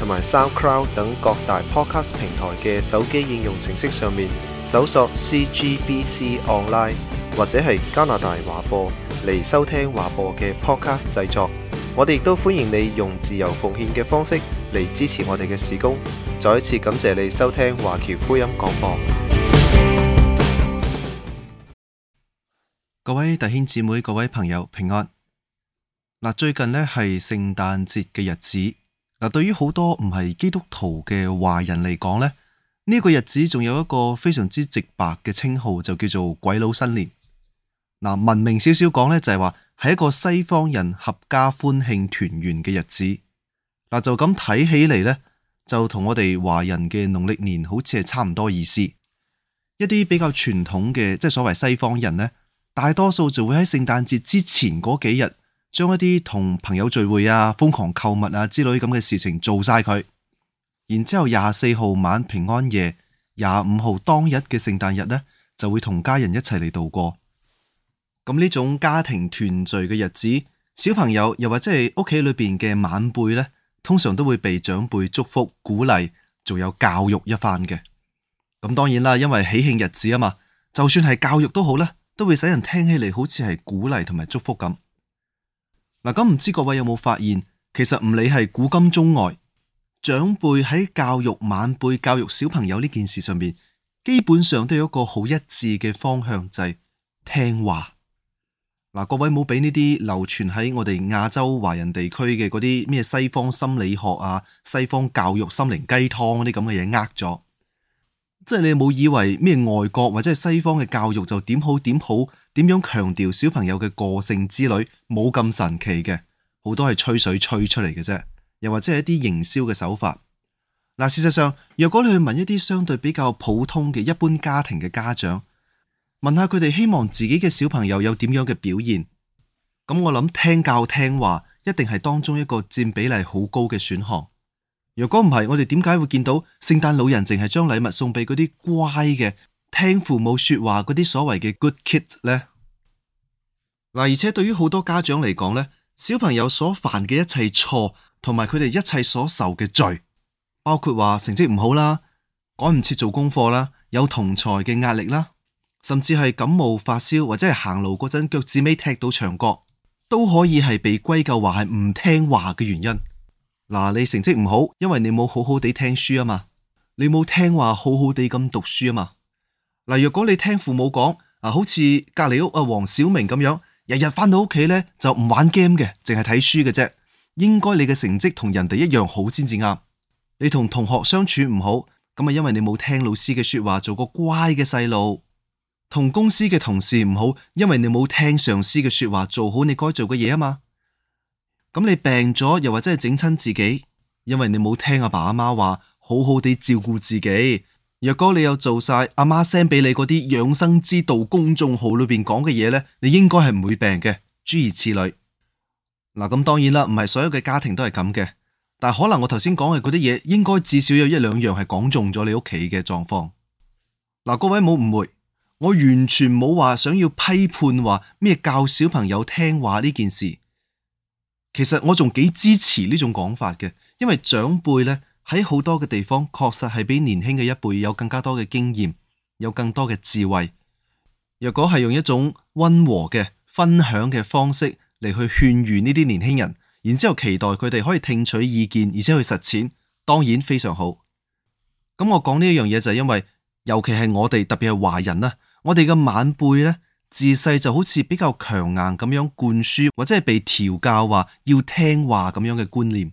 同埋 SoundCloud 等各大 Podcast 平台嘅手機應用程式上面搜索 CGBC Online 或者係加拿大華播嚟收聽華播嘅 Podcast 製作，我哋亦都歡迎你用自由奉獻嘅方式嚟支持我哋嘅事工。再一次感謝你收聽華僑福音廣播。各位弟兄姊妹、各位朋友平安。嗱，最近呢，係聖誕節嘅日子。嗱，對於好多唔係基督徒嘅華人嚟講呢，呢，呢個日子仲有一個非常之直白嘅稱號，就叫做鬼佬新年。嗱，文明少少講呢，就係話係一個西方人合家歡慶團圓嘅日子。嗱，就咁睇起嚟呢，就同我哋華人嘅農曆年好似係差唔多意思。一啲比較傳統嘅，即係所謂西方人呢，大多數就會喺聖誕節之前嗰幾日，將一啲同朋友聚會啊、瘋狂購物啊之類咁嘅事情做晒佢，然之後廿四號晚平安夜、廿五號當日嘅聖誕日呢，就會同家人一齊嚟度過。咁、嗯、呢種家庭團聚嘅日子，小朋友又或者係屋企裏邊嘅晚輩呢，通常都會被長輩祝福、鼓勵，仲有教育一番嘅。咁、嗯、當然啦，因為喜慶日子啊嘛，就算係教育都好啦，都會使人聽起嚟好似係鼓勵同埋祝福咁。嗱，咁唔知各位有冇發現，其實唔理係古今中外，長輩喺教育晚輩、教育小朋友呢件事上面，基本上都有一個好一致嘅方向，就係聽話。嗱，各位冇俾呢啲流傳喺我哋亞洲華人地區嘅嗰啲咩西方心理學啊、西方教育心靈雞湯嗰啲咁嘅嘢呃咗。即係你冇，以為咩外國或者係西方嘅教育就點好點好點樣強調小朋友嘅個性之類，冇咁神奇嘅，好多係吹水吹出嚟嘅啫，又或者係一啲營銷嘅手法。嗱，事實上，如果你去問一啲相對比較普通嘅一般家庭嘅家長，問下佢哋希望自己嘅小朋友有點樣嘅表現，咁我諗聽教聽話一定係當中一個佔比例好高嘅選項。如果唔係，我哋點解會見到聖誕老人淨係將禮物送俾嗰啲乖嘅聽父母說話嗰啲所謂嘅 good kids 呢？嗱，而且對於好多家長嚟講呢，小朋友所犯嘅一切錯，同埋佢哋一切所受嘅罪，包括話成績唔好啦、趕唔切做功課啦、有同儕嘅壓力啦，甚至係感冒發燒或者係行路嗰陣腳趾尾踢到牆角，都可以係被歸咎話係唔聽話嘅原因。嗱，你成績唔好，因為你冇好好地聽書啊嘛，你冇聽話好好地咁讀書啊嘛。嗱，若果你聽父母講啊，好似隔籬屋啊黃小明咁樣，日日翻到屋企咧就唔玩 game 嘅，淨係睇書嘅啫。應該你嘅成績同人哋一樣好先至啱。你同同學相處唔好，咁啊因為你冇聽老師嘅說話，做個乖嘅細路。同公司嘅同事唔好，因為你冇聽上司嘅說話，做好你該做嘅嘢啊嘛。咁你病咗，又或者係整親自己，因為你冇聽阿爸阿媽話，好好地照顧自己。若果你有做晒阿媽 send 俾你嗰啲養生之道公眾號裏邊講嘅嘢呢，你應該係唔會病嘅。諸如此類。嗱，咁當然啦，唔係所有嘅家庭都係咁嘅，但係可能我頭先講嘅嗰啲嘢，應該至少有一兩樣係講中咗你屋企嘅狀況。嗱，各位冇誤會，我完全冇話想要批判話咩教小朋友聽話呢件事。其實我仲幾支持呢種講法嘅，因為長輩呢喺好多嘅地方確實係比年輕嘅一輩有更加多嘅經驗，有更多嘅智慧。若果係用一種温和嘅分享嘅方式嚟去勸喻呢啲年輕人，然之後期待佢哋可以聽取意見，而且去實踐，當然非常好。咁我講呢一樣嘢就係因為，尤其係我哋特別係華人啦，我哋嘅晚輩呢。自細就好似比較強硬咁樣灌輸，或者係被調教話要聽話咁樣嘅觀念。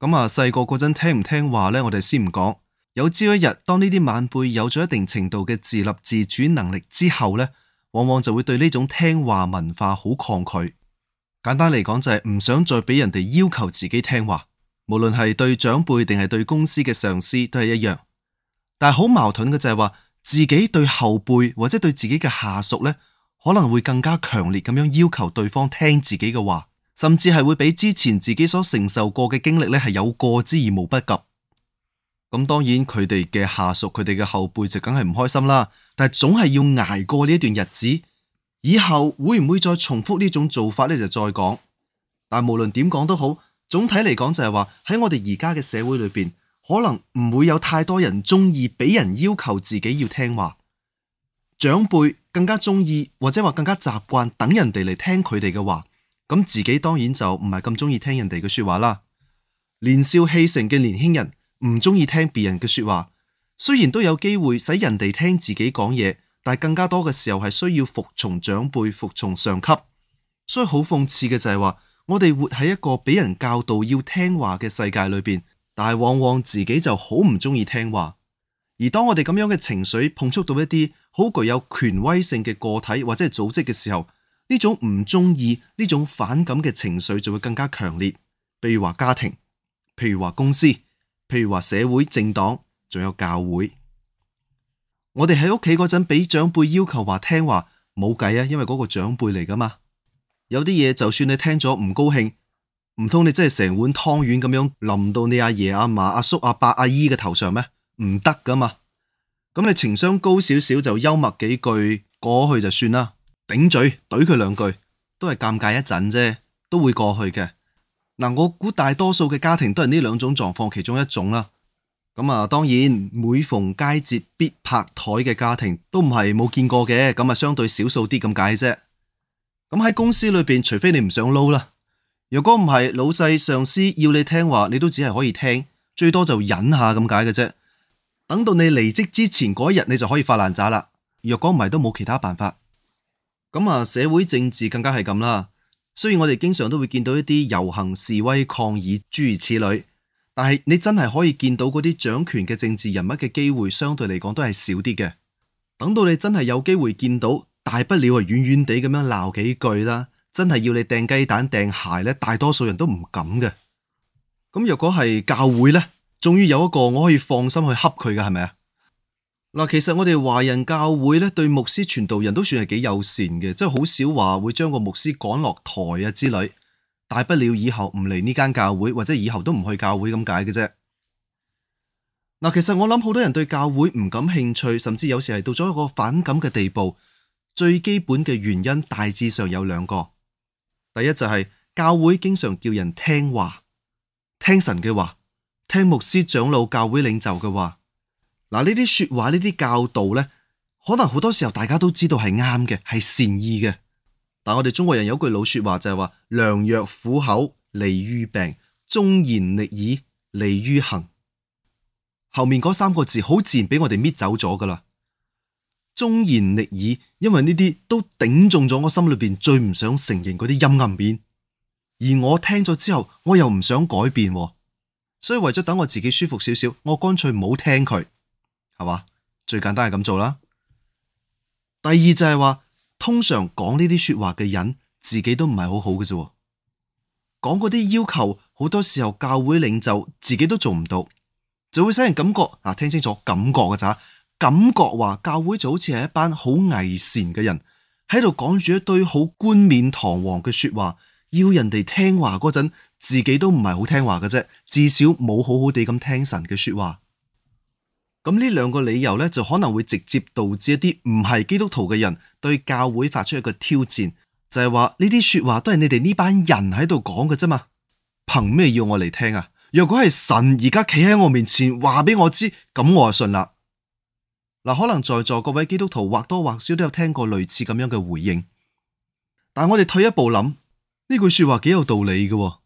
咁、嗯、啊，細個嗰陣聽唔聽話呢？我哋先唔講。有朝一日，當呢啲晚輩有咗一定程度嘅自立自主能力之後呢，往往就會對呢種聽話文化好抗拒。簡單嚟講就係唔想再俾人哋要求自己聽話，無論係對長輩定係對公司嘅上司都係一樣。但係好矛盾嘅就係話。自己對後輩或者對自己嘅下屬呢，可能會更加強烈咁樣要求對方聽自己嘅話，甚至係會比之前自己所承受過嘅經歷呢係有過之而無不及。咁、嗯、當然佢哋嘅下屬、佢哋嘅後輩就梗係唔開心啦，但係總係要挨過呢段日子。以後會唔會再重複呢種做法呢？就再講。但係無論點講都好，總體嚟講就係話喺我哋而家嘅社會裏邊。可能唔會有太多人中意俾人要求自己要聽話，長輩更加中意或者話更加習慣等人哋嚟聽佢哋嘅話，咁自己當然就唔係咁中意聽人哋嘅說話啦。年少氣盛嘅年輕人唔中意聽別人嘅說話，雖然都有機會使人哋聽自己講嘢，但更加多嘅時候係需要服從長輩、服從上級。所以好諷刺嘅就係話，我哋活喺一個俾人教導要聽話嘅世界裏邊。但往往自己就好唔中意聽話，而當我哋咁樣嘅情緒碰觸到一啲好具有權威性嘅個體或者係組織嘅時候，呢種唔中意、呢種反感嘅情緒就會更加強烈。譬如話家庭，譬如話公司，譬如話社會、政黨，仲有教會。我哋喺屋企嗰陣俾長輩要求話聽話，冇計啊，因為嗰個長輩嚟㗎嘛。有啲嘢就算你聽咗唔高興。唔通你真係成碗湯圓咁樣淋到你阿爺阿嫲阿叔阿伯阿姨嘅頭上咩？唔得噶嘛！咁你情商高少少就幽默幾句過去就算啦，頂嘴懟佢兩句都係尷尬一陣啫，都會過去嘅。嗱、嗯，我估大多數嘅家庭都係呢兩種狀況其中一種啦。咁啊，當然每逢佳節必拍台嘅家庭都唔係冇見過嘅，咁啊相對少數啲咁解啫。咁喺公司裏邊，除非你唔想撈啦。若果唔係老細上司要你聽話，你都只係可以聽，最多就忍下咁解嘅啫。等到你離職之前嗰一日，你就可以發爛渣啦。若果唔係，都冇其他辦法。咁啊，社會政治更加係咁啦。雖然我哋經常都會見到一啲遊行示威、抗議諸如此類，但係你真係可以見到嗰啲掌權嘅政治人物嘅機會，相對嚟講都係少啲嘅。等到你真係有機會見到，大不了係遠遠地咁樣鬧幾句啦。真係要你掟雞蛋掟鞋呢，大多數人都唔敢嘅。咁若果係教會呢，終於有一個我可以放心去恰佢嘅係咪啊？嗱，其實我哋華人教會呢，對牧師傳道人都算係幾友善嘅，即係好少話會將個牧師趕落台啊之類。大不了以後唔嚟呢間教會，或者以後都唔去教會咁解嘅啫。嗱，其實我諗好多人對教會唔感興趣，甚至有時係到咗一個反感嘅地步。最基本嘅原因大致上有兩個。第一就係教會經常叫人聽話，聽神嘅話，聽牧師、長老、教會領袖嘅話。嗱，呢啲說話，呢啲教導呢，可能好多時候大家都知道係啱嘅，係善意嘅。但我哋中國人有句老說話就係話：良藥苦口利於病，忠言逆耳利於行。後面嗰三個字好自然俾我哋搣走咗噶啦。忠言逆耳，因為呢啲都頂重咗我心裏面最唔想承認嗰啲陰暗面，而我聽咗之後，我又唔想改變，所以為咗等我自己舒服少少，我乾脆唔好聽佢，係嘛？最簡單係咁做啦。第二就係話，通常講呢啲說話嘅人，自己都唔係好好嘅啫，講嗰啲要求，好多時候教會領袖自己都做唔到，就會使人感覺啊，聽清楚感覺嘅咋。感覺話教會就好似係一班好偽善嘅人喺度講住一堆好冠冕堂皇嘅說話，要人哋聽話嗰陣，自己都唔係好聽話嘅啫。至少冇好好地咁聽神嘅說話。咁呢兩個理由呢，就可能會直接導致一啲唔係基督徒嘅人對教會發出一個挑戰，就係話呢啲說話都係你哋呢班人喺度講嘅啫嘛，憑咩要我嚟聽啊？若果係神而家企喺我面前話俾我知，咁我就信啦。嗱，可能在座各位基督徒或多或少都有聽過類似咁樣嘅回應，但我哋退一步諗，呢句說話幾有道理嘅。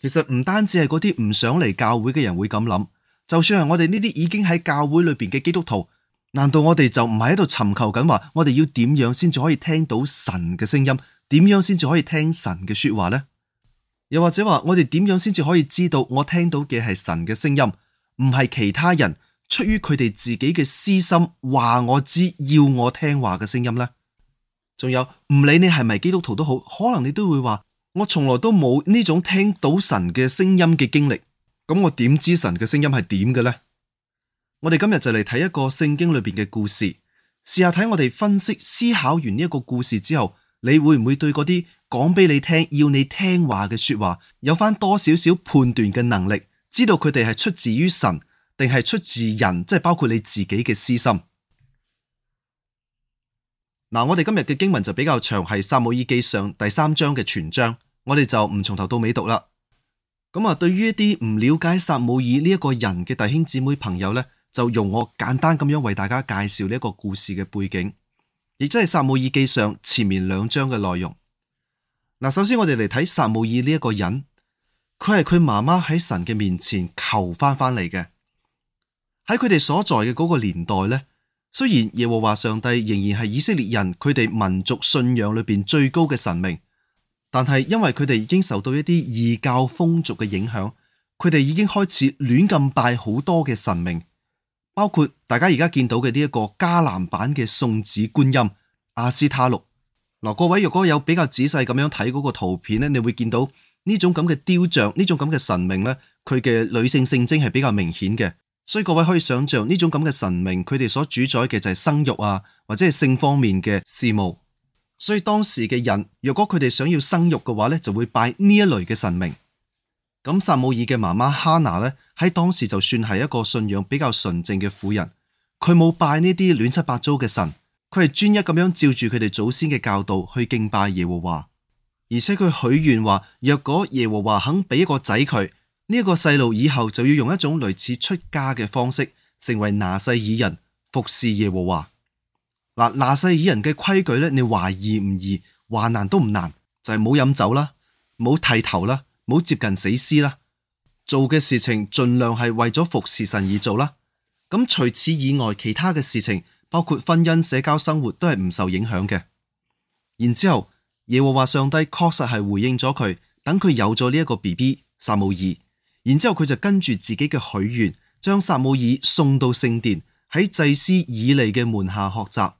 其實唔單止係嗰啲唔想嚟教會嘅人會咁諗，就算係我哋呢啲已經喺教會裏邊嘅基督徒，難道我哋就唔係喺度尋求緊話？我哋要點樣先至可以聽到神嘅聲音？點樣先至可以聽神嘅說話呢？又或者話我哋點樣先至可以知道我聽到嘅係神嘅聲音，唔係其他人？出於佢哋自己嘅私心，話我知要我聽話嘅聲音呢？仲有唔理你係咪基督徒都好，可能你都會話我從來都冇呢種聽到神嘅聲音嘅經歷，咁我點知神嘅聲音係點嘅呢？我哋今日就嚟睇一個聖經裏邊嘅故事，試下睇我哋分析思考完呢一個故事之後，你會唔會對嗰啲講俾你聽要你聽話嘅說話有翻多少少判斷嘅能力，知道佢哋係出自於神，定係出自人，即係包括你自己嘅私心。嗱、嗯，我哋今日嘅經文就比較長，係《撒母耳記上》第三章嘅全章，我哋就唔從頭到尾讀啦。咁、嗯、啊，對於一啲唔了解撒母耳呢一個人嘅弟兄姊妹朋友呢，就用我簡單咁樣為大家介紹呢一個故事嘅背景，亦即係《撒母耳記上》前面兩章嘅內容。嗱、嗯，首先我哋嚟睇撒母耳呢一個人，佢係佢媽媽喺神嘅面前求翻翻嚟嘅。喺佢哋所在嘅嗰個年代咧，雖然耶和華上帝仍然係以色列人佢哋民族信仰裏邊最高嘅神明，但係因為佢哋已經受到一啲異教風俗嘅影響，佢哋已經開始亂咁拜好多嘅神明，包括大家而家見到嘅呢一個迦南版嘅送子觀音阿斯塔錄嗱，各位若果有比較仔細咁樣睇嗰個圖片呢你會見到呢種咁嘅雕像呢種咁嘅神明呢佢嘅女性性徵係比較明顯嘅。所以各位可以想象呢種咁嘅神明，佢哋所主宰嘅就係生育啊，或者係性方面嘅事務。所以當時嘅人，若果佢哋想要生育嘅話呢就會拜呢一類嘅神明。咁撒母耳嘅媽媽哈拿呢，喺當時就算係一個信仰比較純正嘅婦人，佢冇拜呢啲亂七八糟嘅神，佢係專一咁樣照住佢哋祖先嘅教導去敬拜耶和華，而且佢許願話，若果耶和華肯俾一個仔佢。呢一個細路以後就要用一種類似出家嘅方式，成為拿細耳人服侍耶和華。嗱，拿細耳人嘅規矩咧，你話易唔易？話難都唔難，就係冇飲酒啦，冇剃頭啦，冇接近死屍啦，做嘅事情盡量係為咗服侍神而做啦。咁除此以外，其他嘅事情，包括婚姻、社交生活都係唔受影響嘅。然之後，耶和華上帝確實係回應咗佢，等佢有咗呢一個 BB 撒母耳。然之後佢就跟住自己嘅許願，將撒母耳送到聖殿，喺祭司以利嘅門下學習。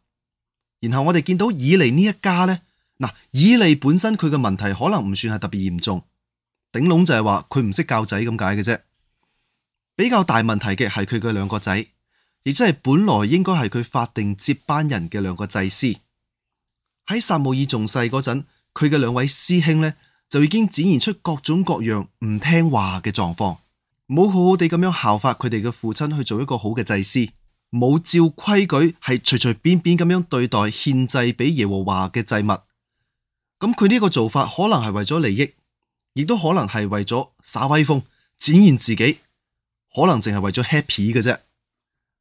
然後我哋見到以利呢一家呢，嗱，以利本身佢嘅問題可能唔算係特別嚴重，頂籠就係話佢唔識教仔咁解嘅啫。比較大問題嘅係佢嘅兩個仔，亦即係本來應該係佢法定接班人嘅兩個祭司，喺撒母耳仲細嗰陣，佢嘅兩位師兄呢，就已經展現出各種各樣唔聽話嘅狀況，冇好好地咁樣效法佢哋嘅父親去做一個好嘅祭司，冇照規矩係隨隨便便咁樣對待獻祭俾耶和華嘅祭物，咁佢呢個做法可能係為咗利益，亦都可能係為咗耍威風，展現自己，可能淨係為咗 happy 嘅啫，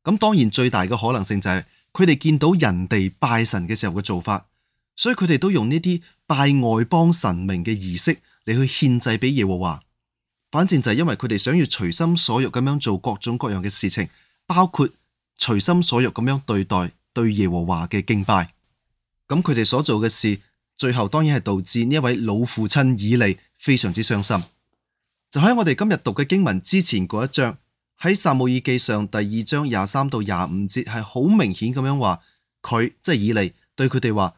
咁當然最大嘅可能性就係佢哋見到人哋拜神嘅時候嘅做法。所以佢哋都用呢啲拜外邦神明嘅儀式嚟去獻祭俾耶和華，反正就係因為佢哋想要隨心所欲咁樣做各種各樣嘅事情，包括隨心所欲咁樣對待對耶和華嘅敬拜。咁佢哋所做嘅事，最後當然係導致呢一位老父親以利非常之傷心。就喺我哋今日讀嘅經文之前嗰一章，喺撒母耳記上第二章廿三到廿五節，係好明顯咁樣話，佢即係以利對佢哋話。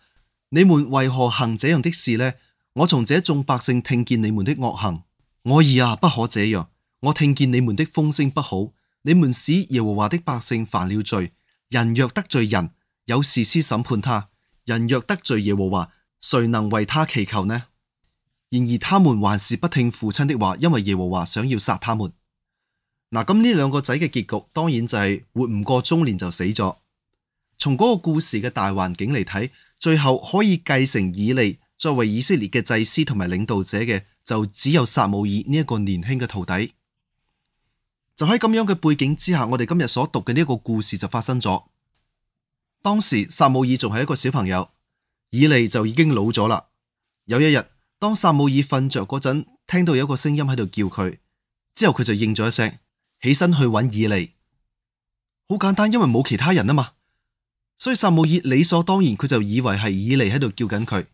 你們為何行這樣的事呢？我從這眾百姓聽見你們的惡行，我兒啊，不可這樣。我聽見你們的風聲不好，你們使耶和華的百姓犯了罪。人若得罪人，有士師審判他；人若得罪耶和華，誰能為他祈求呢？然而他們還是不聽父親的話，因為耶和華想要殺他們。嗱，咁呢兩個仔嘅結局，當然就係活唔過中年就死咗。從嗰個故事嘅大環境嚟睇。最後可以繼承以利作為以色列嘅祭司同埋領導者嘅，就只有撒母耳呢一個年輕嘅徒弟。就喺咁樣嘅背景之下，我哋今日所讀嘅呢一個故事就發生咗。當時撒母耳仲係一個小朋友，以利就已經老咗啦。有一日，當撒母耳瞓着嗰陣，聽到有一個聲音喺度叫佢，之後佢就應咗一聲，起身去揾以利。好簡單，因為冇其他人啊嘛。所以撒母耳理所當然，佢就以為係以利喺度叫緊佢。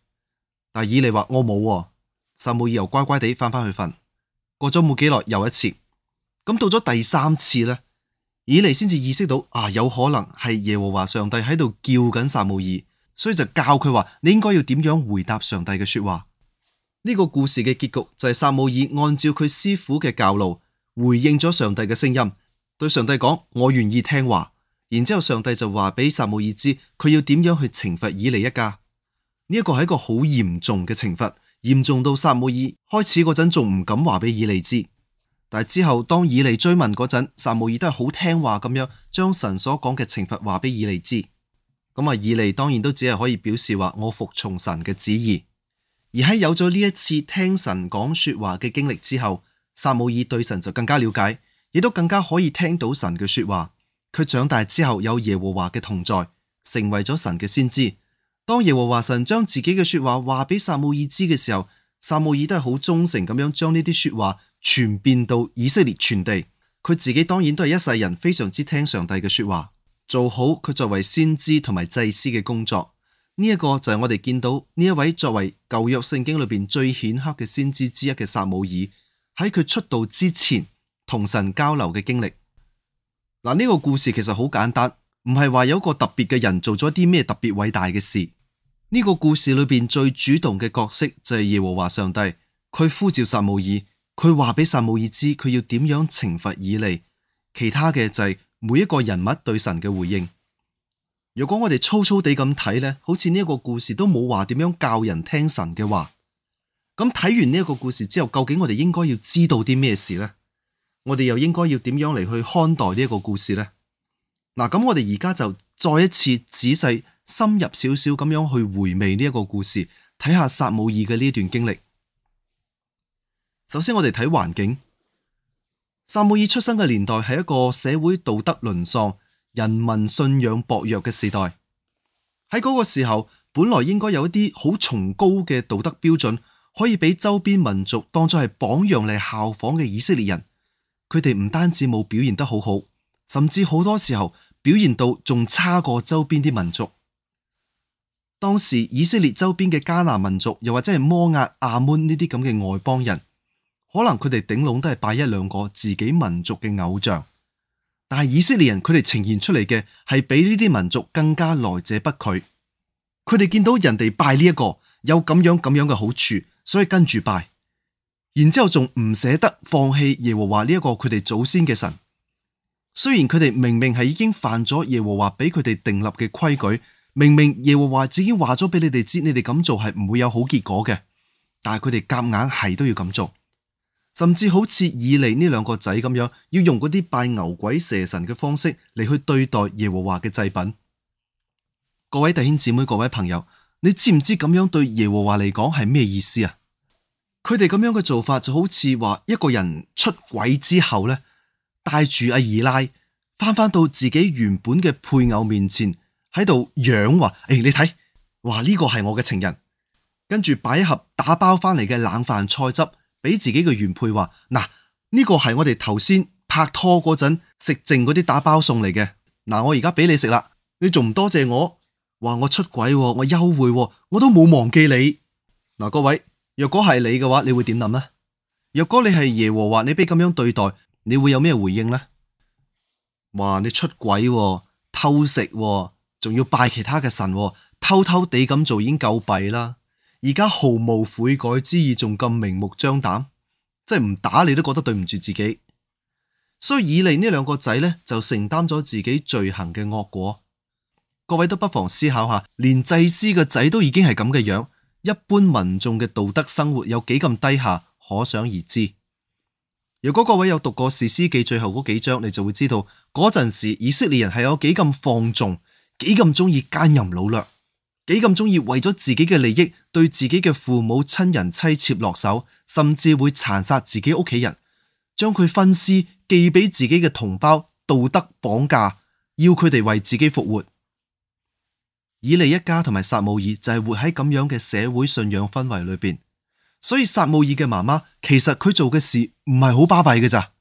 但以利話我冇喎、啊，撒母耳又乖乖地翻翻去瞓。過咗冇幾耐，又一次。咁到咗第三次呢，以利先至意識到啊，有可能係耶和華上帝喺度叫緊撒母耳，所以就教佢話你應該要點樣回答上帝嘅說話。呢、呢個故事嘅結局就係撒母耳按照佢師傅嘅教路回應咗上帝嘅聲音，對上帝講我願意聽話。然之後，上帝就話俾撒母耳知，佢要點樣去懲罰以利一家。呢一個係一個好嚴重嘅懲罰，嚴重到撒母耳開始嗰陣仲唔敢話俾以利知。但係之後，當以利追問嗰陣，撒母耳都係好聽話咁樣，將神所講嘅懲罰話俾以利知。咁啊，以利當然都只係可以表示話我服從神嘅旨意。而喺有咗呢一次聽神講說話嘅經歷之後，撒母耳對神就更加了解，亦都更加可以聽到神嘅說話。佢長大之後有耶和華嘅同在，成為咗神嘅先知。當耶和華神將自己嘅說話話俾撒母耳知嘅時候，撒母耳都係好忠誠咁樣將呢啲說話傳遍到以色列全地。佢自己當然都係一世人非常之聽上帝嘅說話，做好佢作為先知同埋祭司嘅工作。呢、這、一個就係我哋見到呢一位作為舊約聖經裏邊最顯赫嘅先知之一嘅撒母耳喺佢出道之前同神交流嘅經歷。嗱，呢個故事其實好簡單，唔係話有一個特別嘅人做咗啲咩特別偉大嘅事。呢個故事裏邊最主動嘅角色就係耶和華上帝，佢呼召撒母耳，佢話俾撒母耳知佢要點樣懲罰以利。其他嘅就係每一個人物對神嘅回應。如果我哋粗粗地咁睇呢，好似呢一個故事都冇話點樣教人聽神嘅話。咁睇完呢一個故事之後，究竟我哋應該要知道啲咩事呢？我哋又應該要點樣嚟去看待呢一個故事呢？嗱，咁我哋而家就再一次仔細深入少少咁樣去回味呢一個故事，睇下撒母耳嘅呢段經歷。首先，我哋睇環境，撒母耳出生嘅年代係一個社會道德淪喪、人民信仰薄弱嘅時代。喺嗰個時候，本來應該有一啲好崇高嘅道德標準，可以俾周邊民族當作係榜樣嚟效仿嘅以色列人。佢哋唔單止冇表現得好好，甚至好多時候表現到仲差過周邊啲民族。當時以色列周邊嘅迦南民族，又或者係摩押、亞門呢啲咁嘅外邦人，可能佢哋頂籠都係拜一兩個自己民族嘅偶像。但係以色列人，佢哋呈現出嚟嘅係比呢啲民族更加來者不拒。佢哋見到人哋拜呢、這、一個有咁樣咁樣嘅好處，所以跟住拜。然之後仲唔捨得放棄耶和華呢一個佢哋祖先嘅神，雖然佢哋明明係已經犯咗耶和華俾佢哋定立嘅規矩，明明耶和華已經話咗俾你哋知，你哋咁做係唔會有好結果嘅，但係佢哋夾硬係都要咁做，甚至好似以利呢兩個仔咁樣，要用嗰啲拜牛鬼蛇神嘅方式嚟去對待耶和華嘅祭品。各位弟兄姊妹，各位朋友，你知唔知咁樣對耶和華嚟講係咩意思啊？佢哋咁樣嘅做法就好似話一個人出軌之後呢，帶住阿二奶翻返到自己原本嘅配偶面前喺度養話，誒、哎、你睇，話呢、呢個係我嘅情人，跟住擺一盒打包翻嚟嘅冷飯菜汁俾自己嘅原配話，嗱、呃、呢、呢個係我哋頭先拍拖嗰陣食剩嗰啲打包送嚟嘅，嗱、呃、我而家俾你食啦，你仲唔多謝我？話、呃、我出軌、啊，我優惠、啊，我都冇忘記你，嗱、呃、各位。若果係你嘅話，你會點諗咧？若果你係耶和華，你畀咁樣對待，你會有咩回應呢？哇！你出軌、啊，偷食、啊，仲要拜其他嘅神、啊，偷偷地咁做已經夠弊啦，而家毫無悔改之意，仲咁明目張膽，即係唔打你都覺得對唔住自己。所以以利呢兩個仔呢，就承擔咗自己罪行嘅惡果。各位都不妨思考下，連祭司嘅仔都已經係咁嘅樣。一般民眾嘅道德生活有幾咁低下，可想而知。如果各位有讀過《士師記》最後嗰幾章，你就會知道嗰陣時以色列人係有幾咁放縱，幾咁中意奸淫擄掠，幾咁中意為咗自己嘅利益，對自己嘅父母、親人、妻妾落手，甚至會殘殺自己屋企人，將佢分屍寄俾自己嘅同胞，道德綁架，要佢哋為自己復活。以利一家同埋撒母耳就係活喺咁樣嘅社會信仰氛圍裏邊，所以撒母耳嘅媽媽其實佢做嘅事唔係好巴閉嘅咋，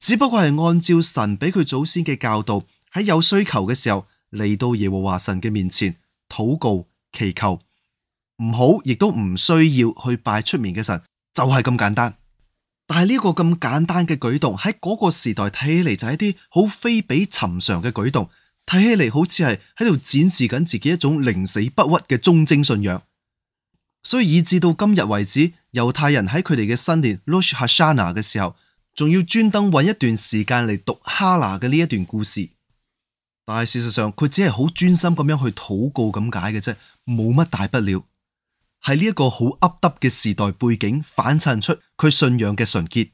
只不過係按照神俾佢祖先嘅教導，喺有需求嘅時候嚟到耶和華神嘅面前禱告祈求，唔好亦都唔需要去拜出面嘅神，就係咁簡單。但係呢個咁簡單嘅舉動喺嗰個時代睇起嚟就係一啲好非比尋常嘅舉動。睇起嚟好似係喺度展示緊自己一種寧死不屈嘅忠貞信仰，所以以至到今日為止，猶太人喺佢哋嘅新年 Rosh Hashanah 嘅時候，仲要專登揾一段時間嚟讀哈拿嘅呢一段故事。但係事實上佢只係好專心咁樣去禱告咁解嘅啫，冇乜大不了。喺呢一個好凹凸嘅時代背景，反襯出佢信仰嘅純潔。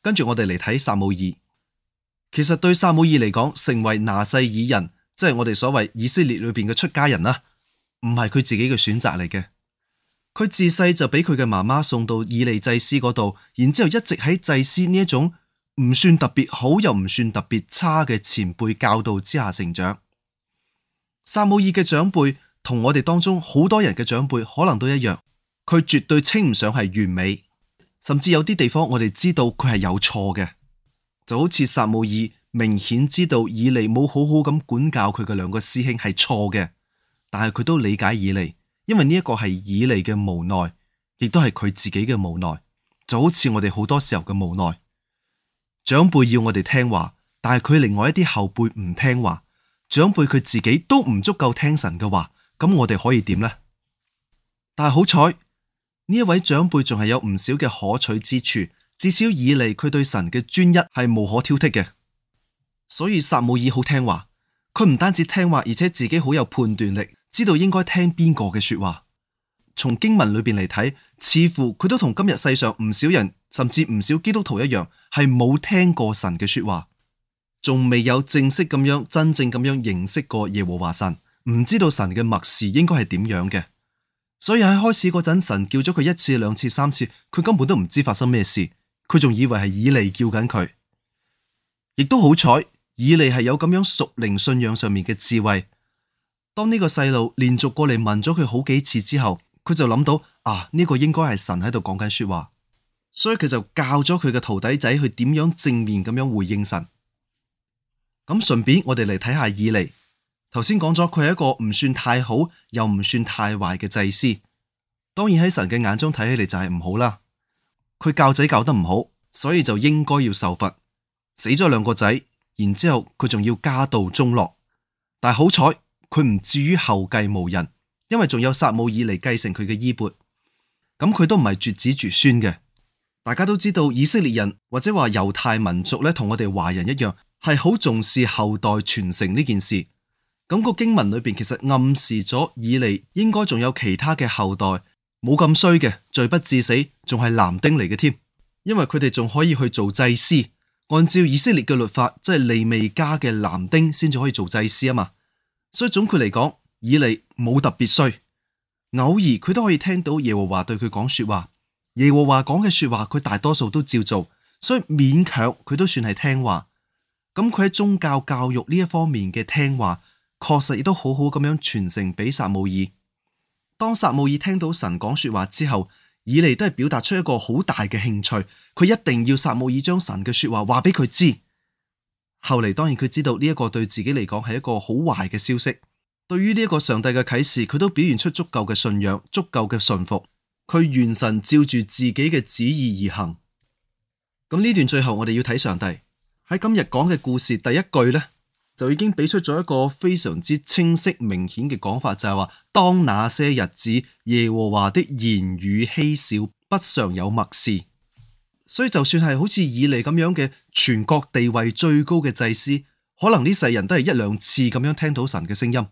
跟住我哋嚟睇撒母耳。其實對撒母耳嚟講，成為拿細耳人，即係我哋所謂以色列裏邊嘅出家人啦，唔係佢自己嘅選擇嚟嘅。佢自細就俾佢嘅媽媽送到以利祭司嗰度，然之後一直喺祭司呢一種唔算特別好又唔算特別差嘅前輩教導之下成長。撒母耳嘅長輩同我哋當中好多人嘅長輩可能都一樣，佢絕對稱唔上係完美，甚至有啲地方我哋知道佢係有錯嘅。就好似撒母耳明顯知道以利冇好好咁管教佢嘅兩個師兄係錯嘅，但係佢都理解以利，因為呢一個係以利嘅無奈，亦都係佢自己嘅無奈。就好似我哋好多時候嘅無奈，長輩要我哋聽話，但係佢另外一啲後輩唔聽話，長輩佢自己都唔足夠聽神嘅話，咁我哋可以點呢？但係好彩呢一位長輩仲係有唔少嘅可取之處。至少以嚟，佢對神嘅專一係無可挑剔嘅。所以撒母耳好聽話，佢唔單止聽話，而且自己好有判斷力，知道應該聽邊個嘅說話。從經文裏邊嚟睇，似乎佢都同今日世上唔少人，甚至唔少基督徒一樣，係冇聽過神嘅說話，仲未有正式咁樣真正咁樣認識過耶和華神，唔知道神嘅默示應該係點樣嘅。所以喺開始嗰陣，神叫咗佢一次、兩次、三次，佢根本都唔知發生咩事。佢仲以為係以利叫緊佢，亦都好彩，以利係有咁樣屬靈信仰上面嘅智慧。當呢個細路連續過嚟，問咗佢好幾次之後，佢就諗到啊，呢、這個應該係神喺度講緊說話，所以佢就教咗佢嘅徒弟仔去點樣正面咁樣回應神。咁順便我哋嚟睇下以利，頭先講咗佢係一個唔算太好又唔算太壞嘅祭司，當然喺神嘅眼中睇起嚟就係唔好啦。佢教仔教得唔好，所以就應該要受罰，死咗兩個仔，然之後佢仲要家道中落。但好彩佢唔至於後繼無人，因為仲有撒母耳嚟繼承佢嘅衣鉢。咁佢都唔係絕子絕孫嘅。大家都知道以色列人或者話猶太民族咧，同我哋華人一樣，係好重視後代傳承呢件事。咁個經文裏邊其實暗示咗以利應該仲有其他嘅後代。冇咁衰嘅，罪不致死，仲係男丁嚟嘅添，因為佢哋仲可以去做祭司。按照以色列嘅律法，即係利未家嘅男丁先至可以做祭司啊嘛。所以總括嚟講，以利冇特別衰，偶爾佢都可以聽到耶和華對佢講說話。耶和華講嘅說話，佢大多數都照做，所以勉強佢都算係聽話。咁佢喺宗教教育呢一方面嘅聽話，確實亦都好好咁樣傳承俾撒母耳。當撒母耳聽到神講說話之後，以利都係表達出一個好大嘅興趣，佢一定要撒母耳將神嘅說話話俾佢知。後嚟，當然佢知道呢一個對自己嚟講係一個好壞嘅消息。對於呢一個上帝嘅啟示，佢都表現出足夠嘅信仰、足夠嘅信服，佢完全照住自己嘅旨意而行。咁呢段最後我哋要睇上帝喺今日講嘅故事第一句呢，就已經俾出咗一個非常之清晰明顯嘅講法，就係話，當那些日子耶和華的言語稀少，不常有默示，所以就算係好似以利咁樣嘅全國地位最高嘅祭司，可能呢世人都係一兩次咁樣聽到神嘅聲音，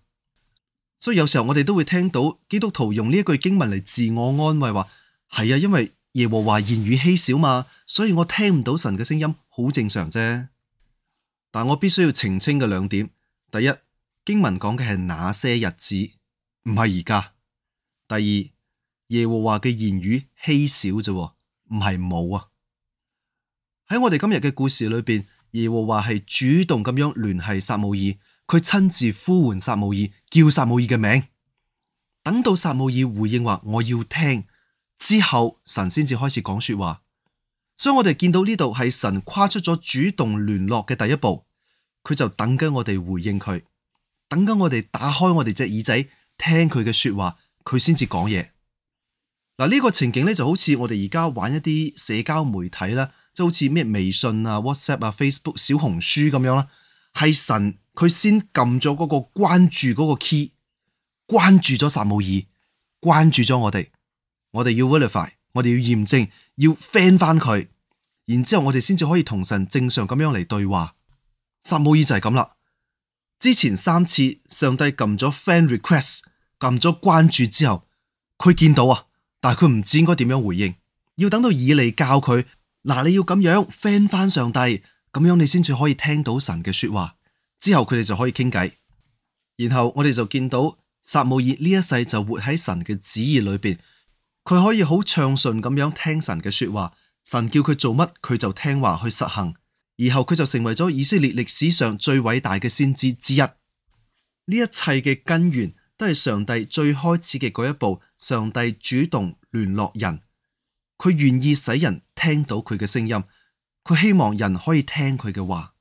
所以有時候我哋都會聽到基督徒用呢一句經文嚟自我安慰，話係啊，因為耶和華言語稀少嘛，所以我聽唔到神嘅聲音，好正常啫。但我必須要澄清嘅兩點：第一，經文講嘅係那些日子，唔係而家；第二，耶和華嘅言語稀少啫，唔係冇啊。喺我哋今日嘅故事裏邊，耶和華係主動咁樣聯繫撒母耳，佢親自呼喚撒母耳，叫撒母耳嘅名，等到撒母耳回應話我要聽之後，神先至開始講說話。所以，我哋見到呢度係神跨出咗主動聯絡嘅第一步。佢就等緊我哋回應佢，等緊我哋打開我哋隻耳仔聽佢嘅說話，佢先至講嘢。嗱、這、呢個情景咧就好似我哋而家玩一啲社交媒體啦，即好似咩微信啊、WhatsApp 啊、Facebook、小紅書咁樣啦。係神佢先撳咗嗰個關注嗰個 key，關注咗撒母耳，關注咗我哋，我哋要 verify，我哋要驗證，要 fan 翻佢，然之後我哋先至可以同神正常咁樣嚟對話。撒母耳就係咁啦，之前三次上帝撳咗 friend request，撳咗關注之後，佢見到啊，但係佢唔知應該點樣回應，要等到以利教佢，嗱，你要咁樣 friend 翻上帝，咁樣你先至可以聽到神嘅說話，之後佢哋就可以傾偈。然後我哋就見到撒母耳呢一世就活喺神嘅旨意裏邊，佢可以好暢順咁樣聽神嘅說話，神叫佢做乜佢就聽話去實行。然後佢就成為咗以色列歷史上最偉大嘅先知之一。呢一切嘅根源都係上帝最開始嘅嗰一步。上帝主動聯絡人，佢願意使人聽到佢嘅聲音，佢希望人可以聽佢嘅話。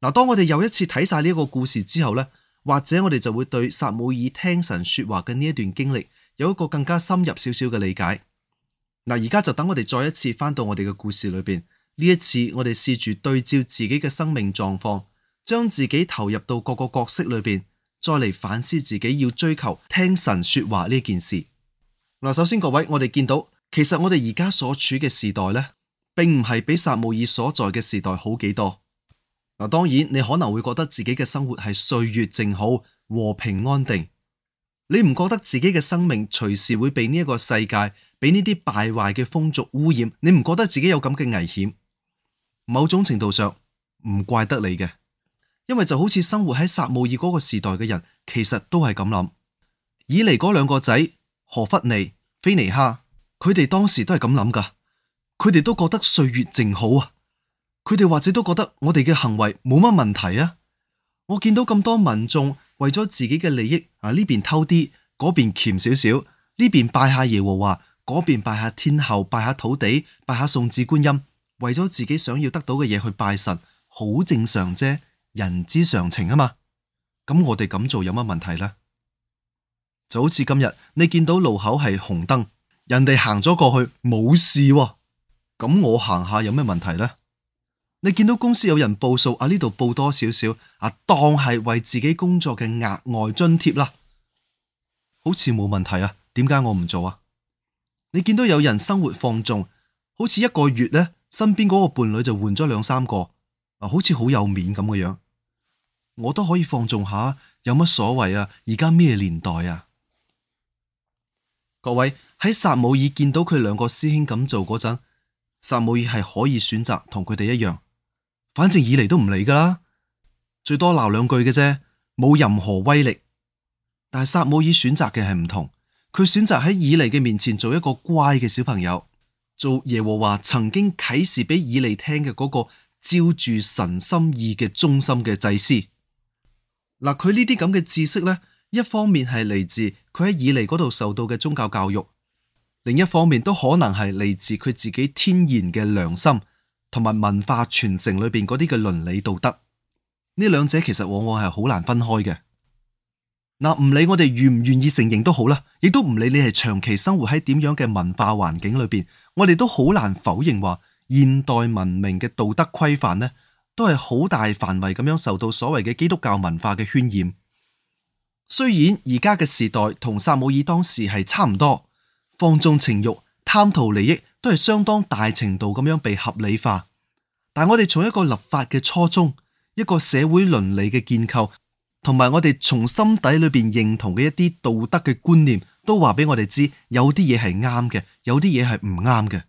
嗱，當我哋又一次睇晒呢一個故事之後呢，或者我哋就會對撒母耳聽神說話嘅呢一段經歷有一個更加深入少少嘅理解。嗱，而家就等我哋再一次翻到我哋嘅故事裏邊。呢一次，我哋試住對照自己嘅生命狀況，將自己投入到各個角色裏邊，再嚟反思自己要追求聽神說話呢件事。嗱，首先各位，我哋見到其實我哋而家所處嘅時代呢，並唔係比撒母耳所在嘅時代好幾多。嗱，當然你可能會覺得自己嘅生活係歲月靜好、和平安定，你唔覺得自己嘅生命隨時會被呢一個世界、俾呢啲敗壞嘅風俗污染，你唔覺得自己有咁嘅危險？某種程度上唔怪得你嘅，因為就好似生活喺撒母耳嗰個時代嘅人，其實都係咁諗。以利嗰兩個仔何弗尼、菲尼哈，佢哋當時都係咁諗噶，佢哋都覺得歲月靜好啊。佢哋或者都覺得我哋嘅行為冇乜問題啊。我見到咁多民眾為咗自己嘅利益啊，呢邊偷啲，嗰邊鉗少少，呢邊拜下耶和華，嗰邊拜下天后，拜下土地，拜下送子觀音。為咗自己想要得到嘅嘢去拜神，好正常啫，人之常情啊嘛。咁我哋咁做有乜問題呢？就好似今日你見到路口係紅燈，人哋行咗過去冇事，啊，咁我行下有咩問題呢？你見到公司有人報數啊，呢度報多少少啊，當係為自己工作嘅額外津貼啦，好似冇問題啊，點解我唔做啊？你見到有人生活放縱，好似一個月呢。身邊嗰個伴侶就換咗兩三個，嗱，好似好有面咁嘅樣，我都可以放縱下，有乜所謂啊？而家咩年代啊？各位喺撒母耳見到佢兩個師兄咁做嗰陣，撒母耳係可以選擇同佢哋一樣，反正以利都唔理噶啦，最多鬧兩句嘅啫，冇任何威力。但係撒母耳選擇嘅係唔同，佢選擇喺以利嘅面前做一個乖嘅小朋友。做耶和華曾經啟示俾以利聽嘅嗰個照住神心意嘅忠心嘅祭司，嗱，佢呢啲咁嘅知識呢，一方面係嚟自佢喺以利嗰度受到嘅宗教教育，另一方面都可能係嚟自佢自己天然嘅良心同埋文化傳承裏邊嗰啲嘅倫理道德，呢兩者其實往往係好難分開嘅。嗱，唔理我哋願唔願意承認都好啦，亦都唔理你係長期生活喺點樣嘅文化環境裏邊，我哋都好難否認話現代文明嘅道德規範呢，都係好大範圍咁樣受到所謂嘅基督教文化嘅渲染。雖然而家嘅時代同撒母耳當時係差唔多，放縱情欲、貪圖利益都係相當大程度咁樣被合理化，但我哋從一個立法嘅初衷，一個社會倫理嘅建構，同埋我哋從心底裏邊認同嘅一啲道德嘅觀念，都話俾我哋知，有啲嘢係啱嘅，有啲嘢係唔啱嘅。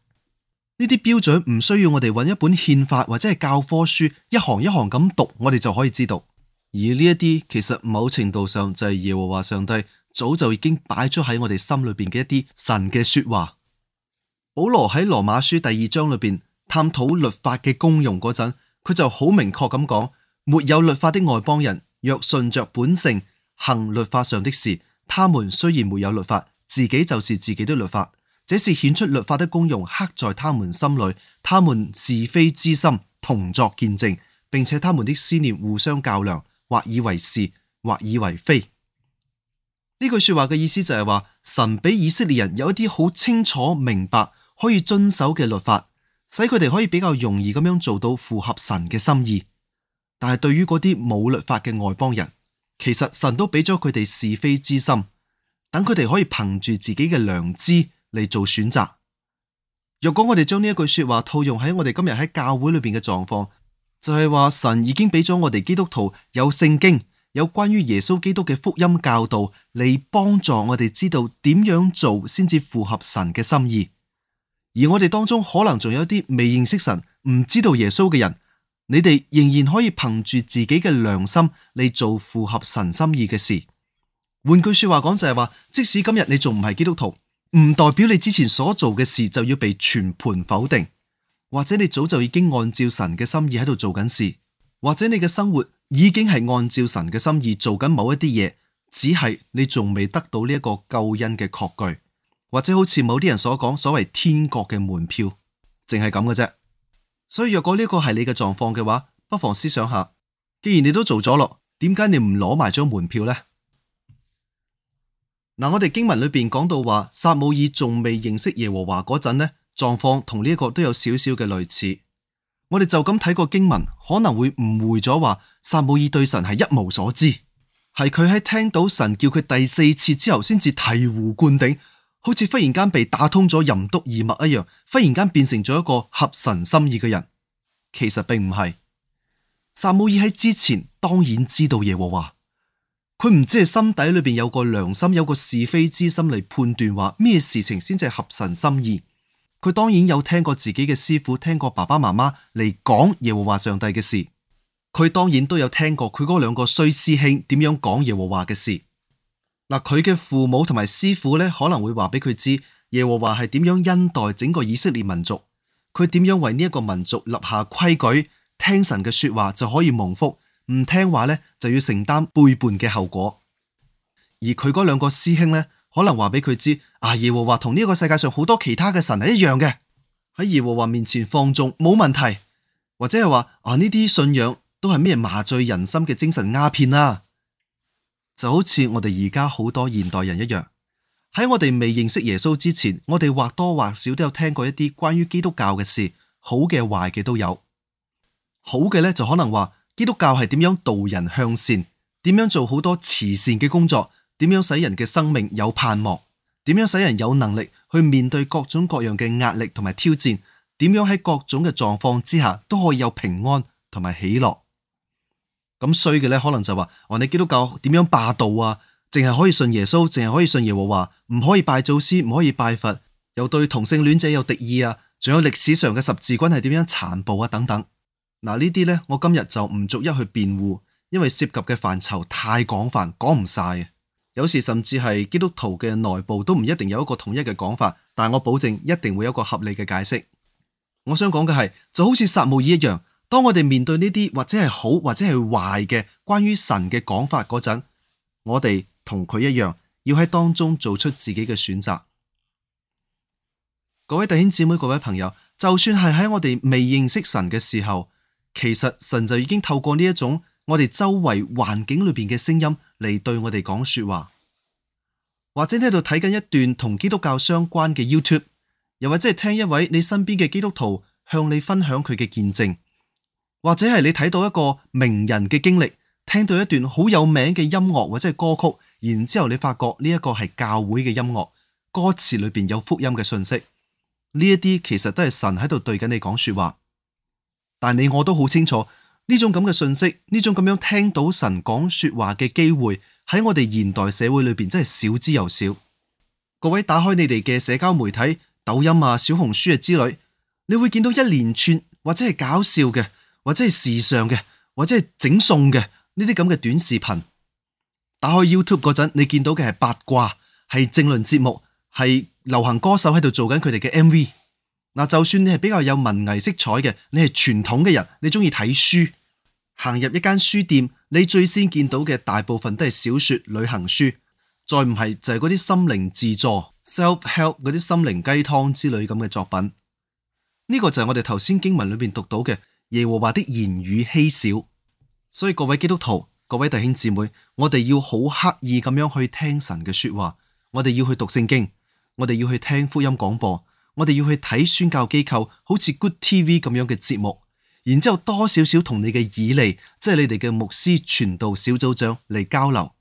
呢啲標準唔需要我哋揾一本憲法或者係教科書一行一行咁讀，我哋就可以知道。而呢一啲其實某程度上就係耶和華上帝早就已經擺咗喺我哋心裏邊嘅一啲神嘅說話。保羅喺羅馬書第二章裏邊探討律法嘅功用嗰陣，佢就好明確咁講：沒有律法的外邦人。若順着本性行律法上的事，他們雖然沒有律法，自己就是自己的律法，這是顯出律法的功用，刻在他們心裏，他們是非之心同作見證，並且他們的思念互相較量，或以為是，或以為非。呢句說話嘅意思就係話，神俾以色列人有一啲好清楚明白可以遵守嘅律法，使佢哋可以比較容易咁樣做到符合神嘅心意。但係對於嗰啲冇律法嘅外邦人，其實神都俾咗佢哋是非之心，等佢哋可以憑住自己嘅良知嚟做選擇。若果我哋將呢一句說話套用喺我哋今日喺教會裏邊嘅狀況，就係話神已經俾咗我哋基督徒有聖經，有關於耶穌基督嘅福音教導嚟幫助我哋知道點樣做先至符合神嘅心意。而我哋當中可能仲有啲未認識神、唔知道耶穌嘅人。你哋仍然可以憑住自己嘅良心嚟做符合神心意嘅事。換句說話講就係話，即使今日你仲唔係基督徒，唔代表你之前所做嘅事就要被全盤否定，或者你早就已經按照神嘅心意喺度做緊事，或者你嘅生活已經係按照神嘅心意做緊某一啲嘢，只係你仲未得到呢一個救恩嘅確據，或者好似某啲人所講，所謂天國嘅門票，淨係咁嘅啫。所以若果呢個係你嘅狀況嘅話，不妨思想下，既然你都做咗咯，點解你唔攞埋張門票呢？嗱、啊，我哋經文裏邊講到話，撒母耳仲未認識耶和華嗰陣呢，狀況同呢一個都有少少嘅類似。我哋就咁睇過經文，可能會誤會咗話撒母耳對神係一無所知，係佢喺聽到神叫佢第四次之後，先至醍醐灌頂。好似忽然間被打通咗任督二脈一樣，忽然間變成咗一個合神心意嘅人。其實並唔係。撒母耳喺之前當然知道耶和華，佢唔知係心底裏邊有個良心，有個是非之心嚟判斷話咩事情先至合神心意。佢當然有聽過自己嘅師傅，聽過爸爸媽媽嚟講耶和華上帝嘅事。佢當然都有聽過佢嗰兩個衰師兄點樣講耶和華嘅事。嗱，佢嘅父母同埋師傅咧，可能會話俾佢知耶和華係點樣恩待整個以色列民族，佢點樣為呢一個民族立下規矩，聽神嘅說話就可以蒙福，唔聽話咧就要承擔背叛嘅後果。而佢嗰兩個師兄咧，可能話俾佢知啊，耶和華同呢個世界上好多其他嘅神係一樣嘅，喺耶和華面前放縱冇問題，或者係話啊呢啲信仰都係咩麻醉人心嘅精神鴉片啊。就好似我哋而家好多現代人一樣，喺我哋未認識耶穌之前，我哋或多或少都有聽過一啲關於基督教嘅事，好嘅、壞嘅都有。好嘅咧，就可能話基督教係點樣導人向善，點樣做好多慈善嘅工作，點樣使人嘅生命有盼望，點樣使人有能力去面對各種各樣嘅壓力同埋挑戰，點樣喺各種嘅狀況之下都可以有平安同埋喜樂。咁衰嘅咧，可能就話，哦，你基督教點樣霸道啊？淨係可以信耶穌，淨係可以信耶和華，唔可以拜祖師，唔可以拜佛，又對同性戀者有敵意啊！仲有歷史上嘅十字軍係點樣殘暴啊？等等。嗱，呢啲呢，我今日就唔逐一去辯護，因為涉及嘅範疇太廣泛，講唔晒。有時甚至係基督徒嘅內部都唔一定有一個統一嘅講法，但我保證一定會有一個合理嘅解釋。我想講嘅係，就好似撒母耳一樣。當我哋面對呢啲或者係好或者係壞嘅關於神嘅講法嗰陣，我哋同佢一樣，要喺當中做出自己嘅選擇。各位弟兄姊妹、各位朋友，就算係喺我哋未認識神嘅時候，其實神就已經透過呢一種我哋周圍環境裏邊嘅聲音嚟對我哋講說話，或者喺度睇緊一段同基督教相關嘅 YouTube，又或者係聽一位你身邊嘅基督徒向你分享佢嘅見證。或者係你睇到一個名人嘅經歷，聽到一段好有名嘅音樂或者係歌曲，然之後你發覺呢一個係教會嘅音樂，歌詞裏邊有福音嘅信息。呢一啲其實都係神喺度對緊你講說話。但你我都好清楚呢種咁嘅信息，呢種咁樣聽到神講說話嘅機會喺我哋現代社會裏邊真係少之又少。各位打開你哋嘅社交媒體、抖音啊、小紅書啊之類，你會見到一連串或者係搞笑嘅。或者係時尚嘅，或者係整餸嘅呢啲咁嘅短視頻。打開 YouTube 嗰陣，你見到嘅係八卦，係政論節目，係流行歌手喺度做緊佢哋嘅 MV。嗱，就算你係比較有文藝色彩嘅，你係傳統嘅人，你中意睇書，行入一間書店，你最先見到嘅大部分都係小說、旅行書，再唔係就係嗰啲心靈自助、self help 嗰啲心靈雞湯之類咁嘅作品。呢個就係我哋頭先經文裏邊讀到嘅。耶和華的言語稀少，所以各位基督徒、各位弟兄姊妹，我哋要好刻意咁樣去聽神嘅說話，我哋要去讀聖經，我哋要去聽福音廣播，我哋要去睇宣教機構，好似 Good TV 咁樣嘅節目，然之後多少少同你嘅以利，即係你哋嘅牧師、傳道小組長嚟交流，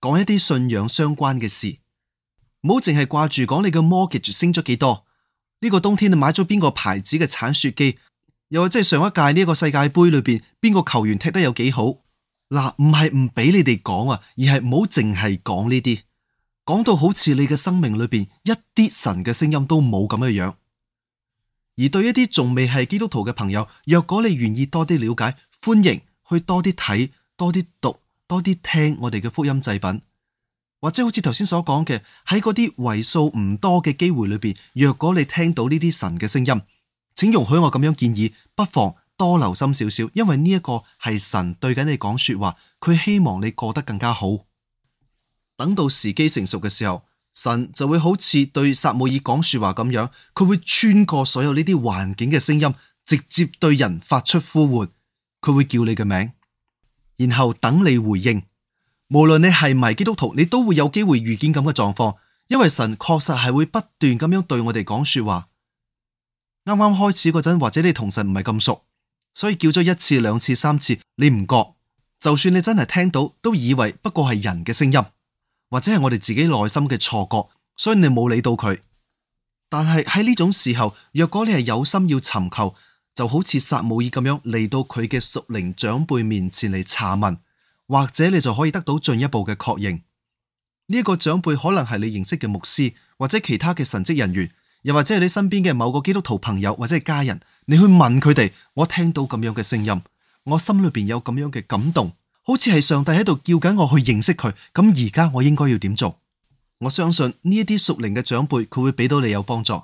講一啲信仰相關嘅事，唔好淨係掛住講你嘅 mortgage 升咗幾多，呢個冬天你買咗邊個牌子嘅鏟雪機。又或者係上一屆呢一個世界盃裏邊邊個球員踢得有幾好嗱，唔係唔俾你哋講啊，而係唔好淨係講呢啲，講到好似你嘅生命裏邊一啲神嘅聲音都冇咁嘅樣。而對一啲仲未係基督徒嘅朋友，若果你願意多啲了解，歡迎去多啲睇、多啲讀、多啲聽我哋嘅福音製品，或者好似頭先所講嘅，喺嗰啲為數唔多嘅機會裏邊，若果你聽到呢啲神嘅聲音。請容許我咁樣建議，不妨多留心少少，因為呢一個係神對緊你講說話，佢希望你過得更加好。等到時機成熟嘅時候，神就會好似對撒母耳講說話咁樣，佢會穿過所有呢啲環境嘅聲音，直接對人發出呼喚，佢會叫你嘅名，然後等你回應。無論你係咪基督徒，你都會有機會遇見咁嘅狀況，因為神確實係會不斷咁樣對我哋講說話。啱啱開始嗰陣，或者你同神唔係咁熟，所以叫咗一次、兩次、三次，你唔覺。就算你真係聽到，都以為不過係人嘅聲音，或者係我哋自己內心嘅錯覺，所以你冇理到佢。但係喺呢種時候，若果你係有心要尋求，就好似撒母耳咁樣嚟到佢嘅屬靈長輩面前嚟查問，或者你就可以得到進一步嘅確認。呢、這、一個長輩可能係你認識嘅牧師或者其他嘅神職人員。又或者係你身邊嘅某個基督徒朋友，或者係家人，你去問佢哋，我聽到咁樣嘅聲音，我心裏邊有咁樣嘅感動，好似係上帝喺度叫緊我去認識佢。咁而家我應該要點做？我相信呢一啲屬靈嘅長輩，佢會俾到你有幫助。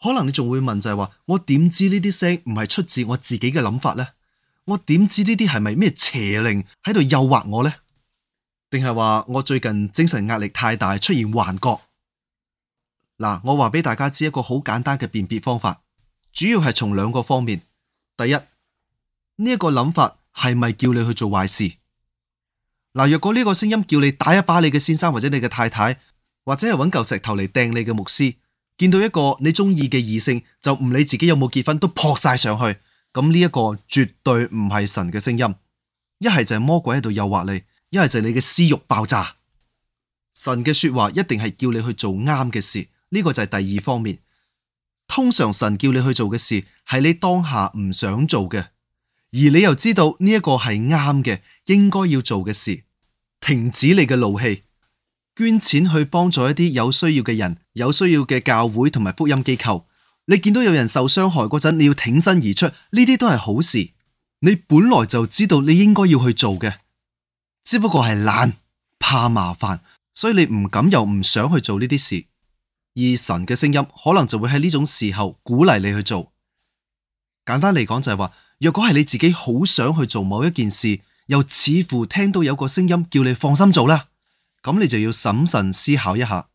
可能你仲會問就係話，我點知呢啲聲唔係出自我自己嘅諗法呢？我點知呢啲係咪咩邪靈喺度誘惑我呢？定係話我最近精神壓力太大，出現幻覺？嗱，我話俾大家知一個好簡單嘅辨別方法，主要係從兩個方面。第一，呢一個諗法係咪叫你去做壞事？嗱，若果呢個聲音叫你打一把你嘅先生或者你嘅太太，或者係揾嚿石頭嚟掟你嘅牧師，見到一個你中意嘅異性就唔理自己有冇結婚都撲晒上去，咁呢一個絕對唔係神嘅聲音，一係就係魔鬼喺度誘惑你，一係就係你嘅私欲爆炸。神嘅說話一定係叫你去做啱嘅事。呢個就係第二方面。通常神叫你去做嘅事，係你當下唔想做嘅，而你又知道呢一個係啱嘅，應該要做嘅事。停止你嘅怒氣，捐錢去幫助一啲有需要嘅人、有需要嘅教會同埋福音機構。你見到有人受傷害嗰陣，你要挺身而出，呢啲都係好事。你本來就知道你應該要去做嘅，只不過係懶，怕麻煩，所以你唔敢又唔想去做呢啲事。而神嘅聲音可能就會喺呢種時候鼓勵你去做。簡單嚟講就係話，若果係你自己好想去做某一件事，又似乎聽到有個聲音叫你放心做啦，咁你就要審慎思考一下。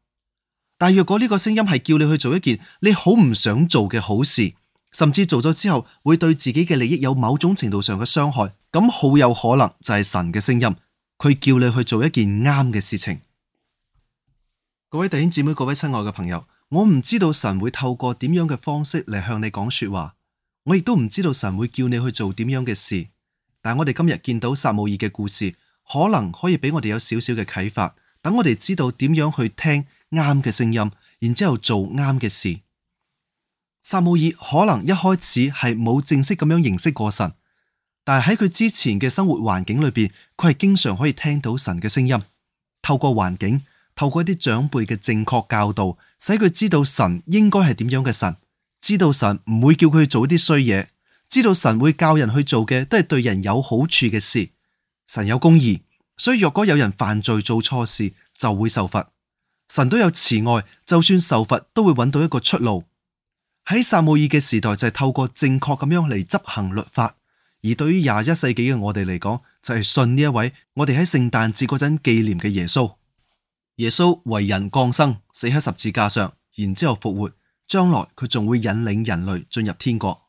但係若果呢個聲音係叫你去做一件你好唔想做嘅好事，甚至做咗之後會對自己嘅利益有某種程度上嘅傷害，咁好有可能就係神嘅聲音，佢叫你去做一件啱嘅事情。各位弟兄姊妹，各位親愛嘅朋友，我唔知道神會透過點樣嘅方式嚟向你講說話，我亦都唔知道神會叫你去做點樣嘅事。但係我哋今日見到撒母耳嘅故事，可能可以俾我哋有少少嘅啟發，等我哋知道點樣去聽啱嘅聲音，然之後做啱嘅事。撒母耳可能一開始係冇正式咁樣認識過神，但係喺佢之前嘅生活環境裏邊，佢係經常可以聽到神嘅聲音，透過環境。透過一啲長輩嘅正確教導，使佢知道神應該係點樣嘅神，知道神唔會叫佢做啲衰嘢，知道神會教人去做嘅都係對人有好處嘅事。神有公義，所以若果有人犯罪做錯事，就會受罰。神都有慈愛，就算受罰都會揾到一個出路。喺撒母耳嘅時代就係透過正確咁樣嚟執行律法，而對於廿一世紀嘅我哋嚟講，就係信呢一位我哋喺聖誕節嗰陣紀念嘅耶穌。耶穌為人降生，死喺十字架上，然之後復活，將來佢仲會引領人類進入天國。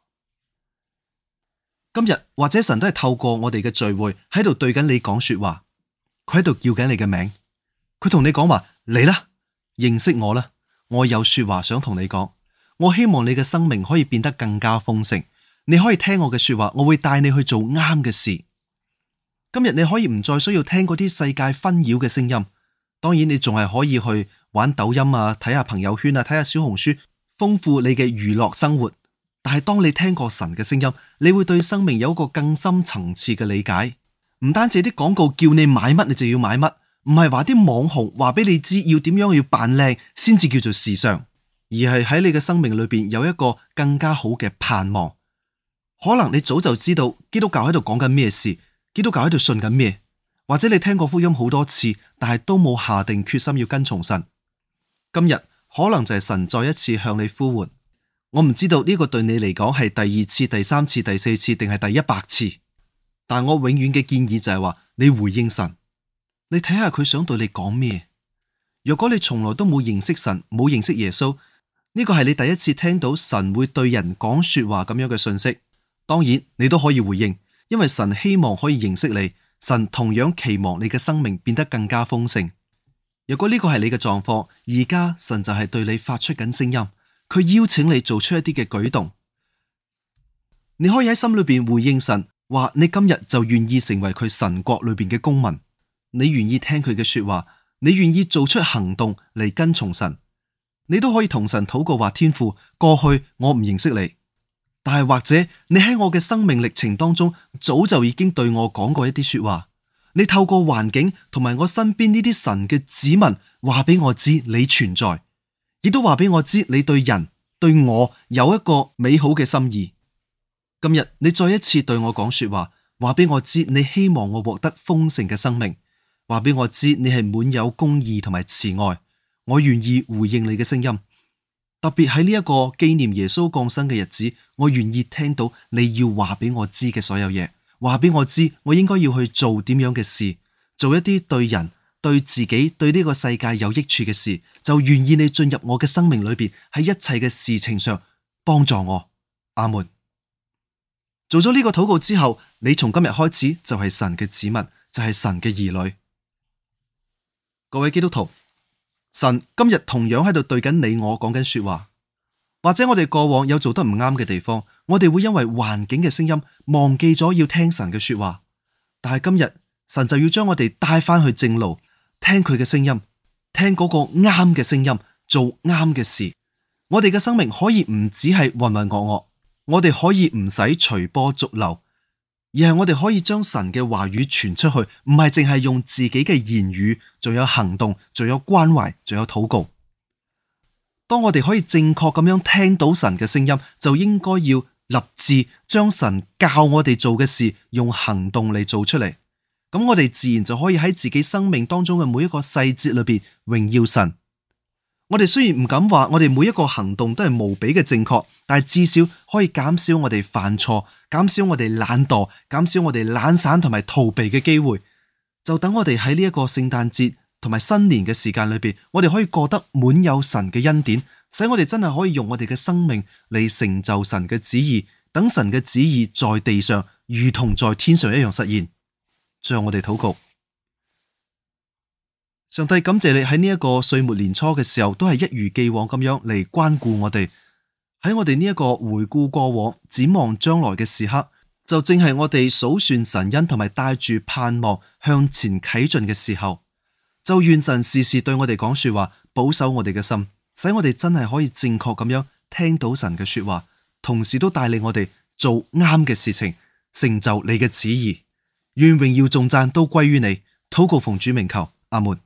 今日或者神都係透過我哋嘅聚會喺度對緊你講說話，佢喺度叫緊你嘅名，佢同你講話，嚟啦，認識我啦，我有說話想同你講，我希望你嘅生命可以變得更加豐盛，你可以聽我嘅說話，我會帶你去做啱嘅事。今日你可以唔再需要聽嗰啲世界紛擾嘅聲音。當然，你仲係可以去玩抖音啊，睇下朋友圈啊，睇下小紅書，豐富你嘅娛樂生活。但係當你聽過神嘅聲音，你會對生命有一個更深層次嘅理解。唔單止啲廣告叫你買乜，你就要買乜，唔係話啲網紅話俾你知要點樣要扮靚先至叫做時尚，而係喺你嘅生命裏邊有一個更加好嘅盼望。可能你早就知道基督教喺度講緊咩事，基督教喺度信緊咩？或者你聽過福音好多次，但係都冇下定決心要跟從神。今日可能就係神再一次向你呼喚。我唔知道呢個對你嚟講係第二次、第三次、第四次，定係第一百次。但我永遠嘅建議就係話你回應神。你睇下佢想對你講咩？如果你從來都冇認識神，冇認識耶穌，呢個係你第一次聽到神會對人講說話咁樣嘅信息。當然你都可以回應，因為神希望可以認識你。神同樣期望你嘅生命變得更加豐盛。如果呢個係你嘅狀況，而家神就係對你發出緊聲音，佢邀請你做出一啲嘅舉動。你可以喺心裏邊回應神，話你今日就願意成為佢神國裏邊嘅公民。你願意聽佢嘅說話，你願意做出行動嚟，跟從神。你都可以同神禱告話天父，過去我唔認識你。但係或者你喺我嘅生命歷程當中，早就已經對我講過一啲說話。你透過環境同埋我身邊呢啲神嘅指紋，話俾我知你存在，亦都話俾我知你對人對我有一個美好嘅心意。今日你再一次對我講說話，話俾我知你希望我獲得豐盛嘅生命，話俾我知你係滿有公義同埋慈愛。我願意回應你嘅聲音。特別喺呢一個紀念耶穌降生嘅日子，我願意聽到你要話俾我知嘅所有嘢，話俾我知我應該要去做點樣嘅事，做一啲對人、對自己、對呢個世界有益處嘅事，就願意你進入我嘅生命裏邊，喺一切嘅事情上幫助我。阿門。做咗呢個禱告之後，你從今日開始就係神嘅子民，就係、是、神嘅兒女，各位基督徒。神今日同樣喺度對緊你我講緊說話，或者我哋過往有做得唔啱嘅地方，我哋會因為環境嘅聲音忘記咗要聽神嘅說話，但係今日神就要將我哋帶翻去正路，聽佢嘅聲音，聽嗰個啱嘅聲音，做啱嘅事。我哋嘅生命可以唔止係渾渾噩噩，我哋可以唔使隨波逐流。而係我哋可以將神嘅話語傳出去，唔係淨係用自己嘅言語，仲有行動，仲有關懷，仲有禱告。當我哋可以正確咁樣聽到神嘅聲音，就應該要立志將神教我哋做嘅事用行動嚟做出嚟。咁我哋自然就可以喺自己生命當中嘅每一個細節裏邊榮耀神。我哋雖然唔敢話，我哋每一個行動都係無比嘅正確，但係至少可以減少我哋犯錯，減少我哋懶惰，減少我哋懶散同埋逃避嘅機會。就等我哋喺呢一個聖誕節同埋新年嘅時間裏邊，我哋可以過得滿有神嘅恩典，使我哋真係可以用我哋嘅生命嚟成就神嘅旨意，等神嘅旨意在地上如同在天上一樣實現。最後我哋禱告。上帝感謝你喺呢一個歲末年初嘅時候，都係一如既往咁樣嚟關顧我哋。喺我哋呢一個回顧過往、展望將來嘅時刻，就正係我哋數算神恩同埋帶住盼望向前啟進嘅時候。就願神時時對我哋講說話，保守我哋嘅心，使我哋真係可以正確咁樣聽到神嘅說話，同時都帶領我哋做啱嘅事情，成就你嘅旨意。願榮耀、重讚都歸於你。禱告奉主名求，阿門。